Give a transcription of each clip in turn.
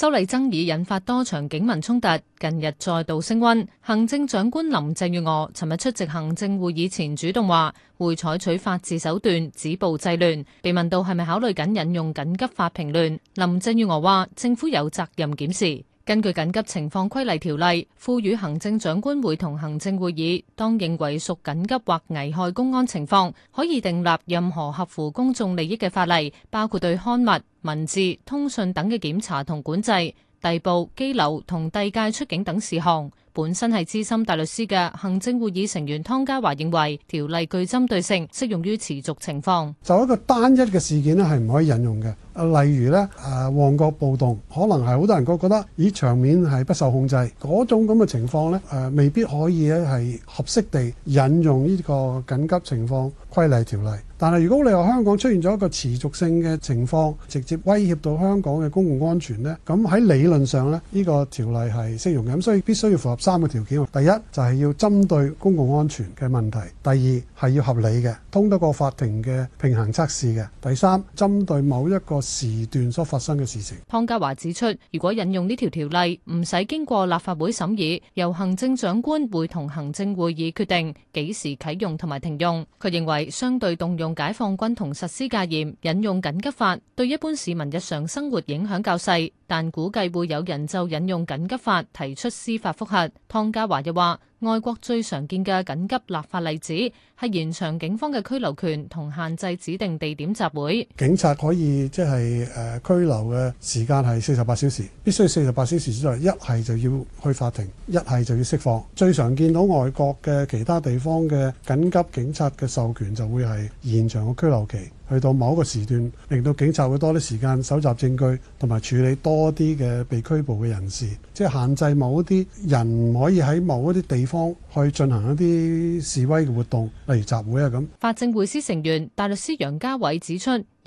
修例爭議引發多場警民衝突，近日再度升温。行政長官林鄭月娥尋日出席行政會議前主動話，會採取法治手段止暴制亂。被問到係咪考慮緊引用緊急法平亂，林鄭月娥話政府有責任檢視。根據緊急情況規例條例，賦予行政長官會同行政會議，當認為屬緊急或危害公安情況，可以訂立任何合乎公眾利益嘅法例，包括對刊物、文字、通訊等嘅檢查同管制、逮捕、羈留同遞解出境等事項。本身係資深大律師嘅行政會議成員湯家驊認為，條例具針對性，適用於持續情況。就一個單一嘅事件呢，係唔可以引用嘅。例如呢，誒旺角暴動，可能係好多人覺覺得，咦場面係不受控制嗰種咁嘅情況呢，未必可以咧係合適地引用呢個緊急情況規例條例。但係，如果你話香港出現咗一個持續性嘅情況，直接威脅到香港嘅公共安全呢，咁喺理論上呢，呢個條例係適用嘅。咁所以必須要符合三個條件：第一就係要針對公共安全嘅問題；第二係要合理嘅，通得過法庭嘅平衡測試嘅；第三針對某一個時段所發生嘅事情。湯家驊指出，如果引用呢條條例，唔使經過立法會審議，由行政長官會同行政會議決定幾時啟用同埋停用。佢認為相對動用。用解放軍同實施戒嚴，引用緊急法，對一般市民日常生活影響較細。但估計會有人就引用緊急法提出司法覆核。湯家驊又話，外國最常見嘅緊急立法例子係延長警方嘅拘留權同限制指定地點集會。警察可以即係誒拘留嘅時間係四十八小時，必須四十八小時之內，一係就要去法庭，一係就要釋放。最常見到外國嘅其他地方嘅緊急警察嘅授權就會係延長個拘留期。去到某一個時段，令到警察會多啲時間搜集證據，同埋處理多啲嘅被拘捕嘅人士，即係限制某一啲人唔可以喺某一啲地方去進行一啲示威嘅活動，例如集會啊咁。行政會議成員大律師湯家驊指出。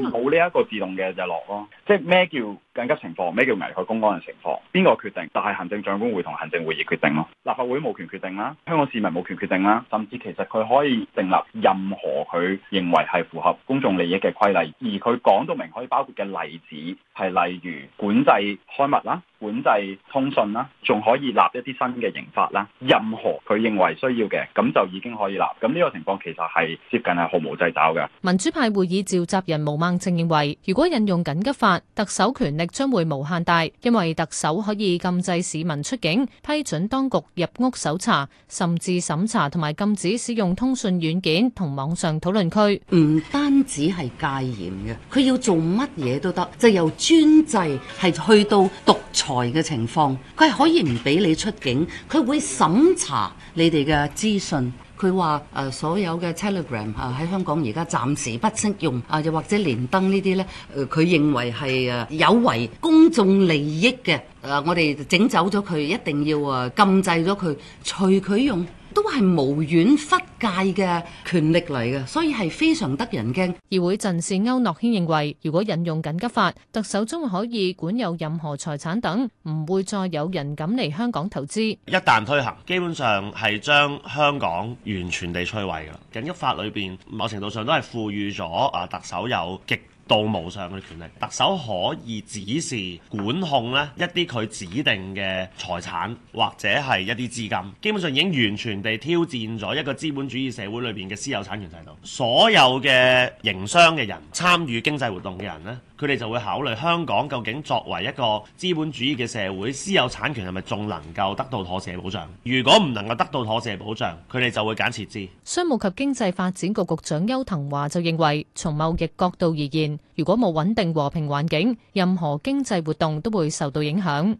冇呢一個自動嘅日落咯，即係咩叫緊急情況，咩叫危害公安嘅情況，邊個決定？但係行政長官會同行政會議決定咯。立法會冇權決定啦，香港市民冇權決定啦，甚至其實佢可以訂立任何佢認為係符合公眾利益嘅規例，而佢講到明可以包括嘅例子係例如管制刊物啦。管制通訊啦，仲可以立一啲新嘅刑法啦，任何佢認為需要嘅，咁就已經可以立。咁呢個情況其實，係接近係毫無掣肘嘅。民主派會議召集人毛孟靜認為，如果引用緊急法，特首權力將會無限大，因為特首可以禁制市民出境、批准當局入屋搜查、甚至審查同埋禁止使用通訊軟件同網上討論區，唔單止係戒嚴嘅，佢要做乜嘢都得，就由專制係去到獨台嘅情況，佢係可以唔俾你出境，佢會審查你哋嘅資訊，佢話誒所有嘅 Telegram 啊、呃、喺香港而家暫時不適用啊、呃，又或者連登呢啲咧，佢、呃、認為係誒、呃、有違公眾利益嘅，誒、呃、我哋整走咗佢，一定要啊禁制咗佢，隨佢用都係無遠忽。界嘅權力嚟嘅，所以係非常得人驚。議會陣線區諾軒認為，如果引用緊急法，特首仲可以管有任何財產等，唔會再有人敢嚟香港投資。一旦推行，基本上係將香港完全地摧毀噶啦。緊急法裏邊某程度上都係賦予咗啊特首有極度無上嘅權力，特首可以指示管控呢一啲佢指定嘅財產，或者係一啲資金，基本上已經完全地挑戰咗一個資本。主義社會裏邊嘅私有產權制度，所有嘅營商嘅人、參與經濟活動嘅人呢，佢哋就會考慮香港究竟作為一個資本主義嘅社會，私有產權係咪仲能夠得到妥善保障？如果唔能夠得到妥善保障，佢哋就會揀設置。商務及經濟發展局局長邱騰華就認為，從貿易角度而言，如果冇穩定和平環境，任何經濟活動都會受到影響。